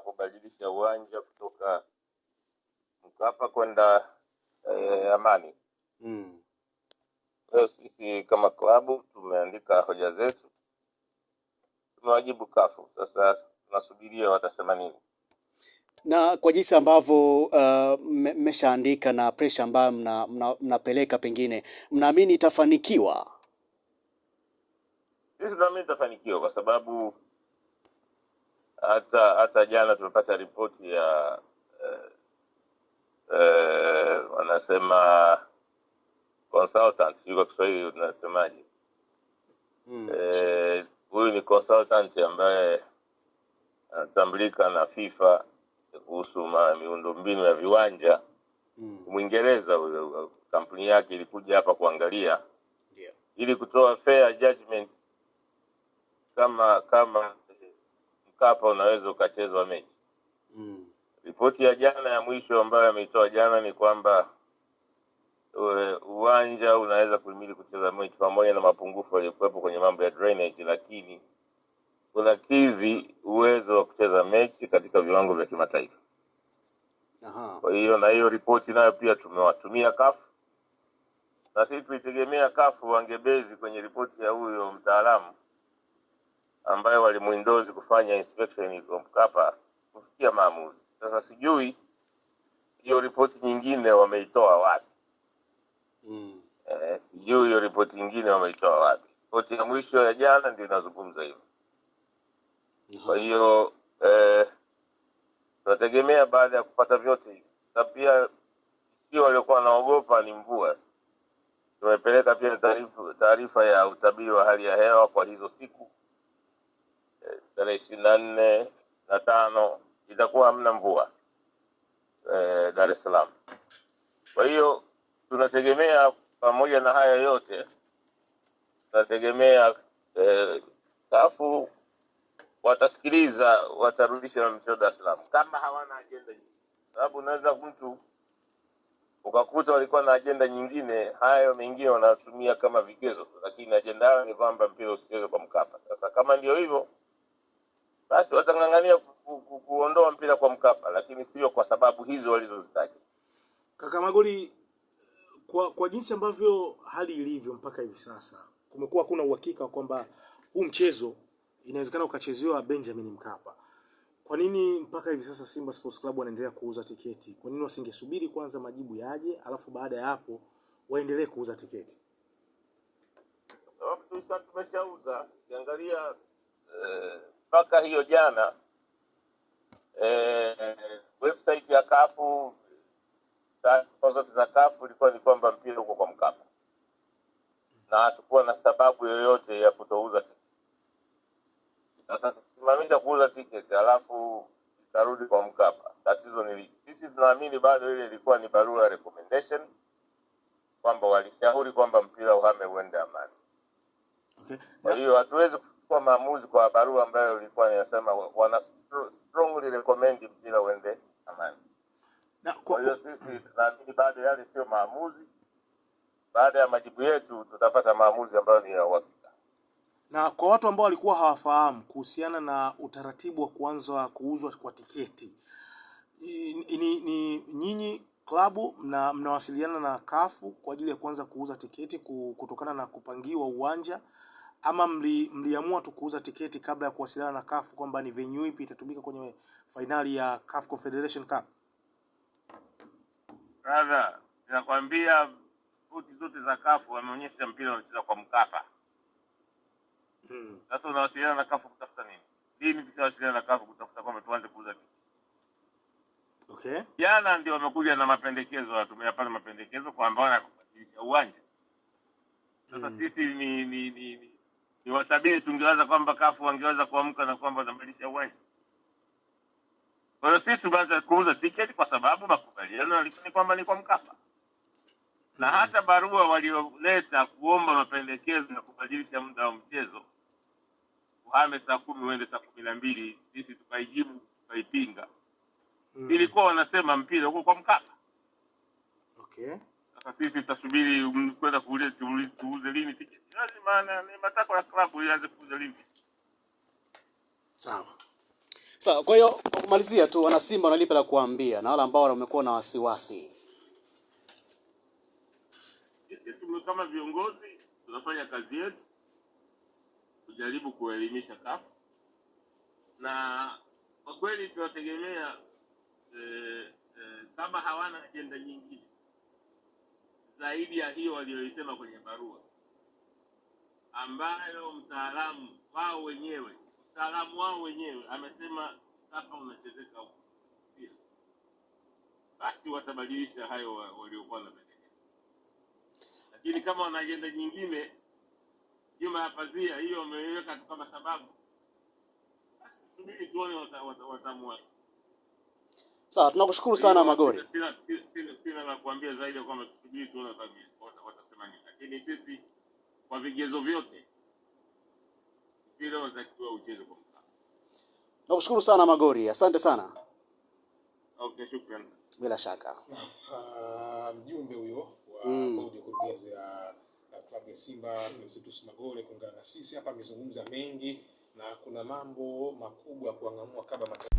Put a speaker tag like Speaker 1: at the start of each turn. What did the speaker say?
Speaker 1: tunaweza kubadilisha uwanja kutoka Mkapa kwenda
Speaker 2: eh, Amani. Mm. sisi kama klabu tumeandika hoja zetu, tumewajibu kafu. Sasa tunasubiria watasema nini, na kwa jinsi ambavyo mmeshaandika uh, na presha ambayo mnapeleka mna, mna pengine mnaamini itafanikiwa? Sisi tunaamini itafanikiwa kwa sababu hata hata jana tumepata ripoti ya eh, eh, wanasema consultant, kwa Kiswahili tunasemaje? mm. Eh, huyu ni consultant ambaye anatambulika na FIFA kuhusu miundombinu ya viwanja mm. Mwingereza huyo, kampuni yake ilikuja hapa kuangalia yeah. ili kutoa fair judgment kama kama Mkapa unaweza ukachezwa mechi mm. Ripoti ya jana ya mwisho ambayo ameitoa jana ni kwamba eh, uwanja unaweza kuhimili kucheza mechi pamoja na mapungufu yaliyokuwepo kwenye mambo ya drainage, lakini unakidhi uwezo wa kucheza mechi katika viwango vya kimataifa. Kwa hiyo na hiyo ripoti nayo pia tumewatumia kafu na sisi tuitegemea kafu wangebezi kwenye ripoti ya huyo mtaalamu ambayo walimuindozi kufanya inspection iko Mkapa kufikia maamuzi. Sasa sijui hiyo ripoti nyingine wameitoa wapi? mm. Eh, sijui hiyo ripoti nyingine wameitoa wapi? Ripoti ya mwisho ya jana ndio inazungumza hivyo. mm -hmm. Kwa hiyo eh, tunategemea baada ya kupata vyote hivi, na pia sio waliokuwa wanaogopa ni mvua. Tumepeleka pia taarifa ya utabiri wa hali ya hewa kwa hizo siku tarehe ishirini na nne na tano itakuwa hamna mvua eh, Dar es Salaam. Kwa hiyo tunategemea pamoja na haya yote tunategemea eh, kafu watasikiliza,
Speaker 1: watarudisha na mtoto Dar es Salaam kama hawana ajenda nyingine, sababu unaweza mtu ukakuta walikuwa na ajenda nyingine, hayo mengine wanatumia kama vigezo, lakini ajenda yao ni kwamba mpira usicheze kwa Mkapa. Sasa kama ndio hivyo basi watang'ang'ania ku, ku, ku, kuondoa mpira kwa Mkapa, lakini sio kwa sababu hizo
Speaker 2: walizozitaja. Kaka Magoli, kwa, kwa jinsi ambavyo hali ilivyo mpaka hivi sasa, kumekuwa hakuna uhakika kwamba huu mchezo inawezekana ukachezewa Benjamin Mkapa. Kwa nini mpaka hivi sasa Simba Sports Club wanaendelea kuuza tiketi? Kwa nini wasingesubiri kwanza majibu yaje, alafu baada ya hapo waendelee kuuza tiketi? Sababu tumeshauza, ukiangalia eh, mpaka hiyo jana e, website ya kafu taarifa zote za kafu ilikuwa ni kwamba mpira uko kwa mkapa na hatukuwa na sababu yoyote ya kutouza sasa tukisimamisha kuuza tiketi alafu itarudi kwa mkapa tatizo ni sisi tunaamini bado ile ilikuwa ni barua recommendation
Speaker 1: kwamba walishauri kwamba mpira uhame uende amani okay. kwa hiyo hatuwezi kuchukua maamuzi kwa barua ambayo ilikuwa inasema wana strongly recommend mpira uende amani. Na kwa hiyo sisi tunaamini baada yale sio maamuzi, baada ya majibu yetu tutapata maamuzi ambayo ni ya uhakika. Na kwa watu ambao walikuwa hawafahamu kuhusiana na
Speaker 2: utaratibu wa kuanza kuuzwa kwa tiketi ni, ni nyinyi klabu mna, mnawasiliana na kafu kwa ajili ya kuanza kuuza tiketi kutokana na kupangiwa uwanja ama mliamua tu kuuza tiketi kabla ya kuwasiliana na CAF kwamba ni venue ipi itatumika kwenye fainali ya CAF Confederation Cup? Brother, nakwambia futi zote za CAF wameonyesha mpira wanacheza kwa Mkapa. Hmm. Sasa hmm, unawasiliana na CAF kutafuta nini? Lini tutawasiliana na CAF kutafuta kwamba tuanze kuuza tiketi? Okay. Jana ndio wamekuja na mapendekezo, tumeyapata mapendekezo kwamba wanakubadilisha uwanja. Sasa hmm, sisi ni, ni, ni, ni ni watabiri, tungewaza kwamba kafu wangeweza kuamka na kwamba wanabadilisha uwanja. Kwa hiyo sisi tumeanza kuuza tiketi kwa sababu makubaliano yalikuwa ni kwamba ni kwa Mkapa, na mm-hmm. hata barua
Speaker 1: walioleta kuomba mapendekezo na kubadilisha muda wa mchezo uhame saa kumi uende saa kumi na mbili sisi tukaijibu
Speaker 2: tukaipinga. Mm. Ilikuwa wanasema mpira huko kwa Mkapa. Okay sasa sisi tutasubiri mm, kuweza kuuliza tuuze lini tiketi? Lazima ni matako ya klabu ianze kuuza lini. Sawa sawa. Kwa hiyo kwa kumalizia tu, wana Simba wanalipa la kuambia na wale ambao wamekuwa na wasiwasi, sisi kama viongozi tunafanya kazi yetu kujaribu kuelimisha kafu, na kwa kweli tunategemea eh, eh, kama hawana ajenda nyingine zaidi ya hiyo waliyoisema kwenye barua, ambayo mtaalamu wao wenyewe
Speaker 1: mtaalamu wao wenyewe amesema hapa unachezeka huko, basi watabadilisha hayo waliokuwa na Lakini kama wana ajenda nyingine nyuma ya pazia, hiyo wameiweka kama sababu, basi tusubiri tuone wataamua. Sawa, tunakushukuru sana Magori. Sina la kuambia zaidi kwamba tusubiri tuone watasema nini, lakini sisi kwa vigezo vyote bila unatakiwa ucheze kwa mkao. Nakushukuru sana Magori, asante sana. Okay, shukrani. Bila shaka ah, mjumbe huyo wa mm. bodi ya kurugenzi ya klabu ya Simba Itus Magori kuungana na sisi hapa, amezungumza mengi na kuna mambo makubwa kuangamua kama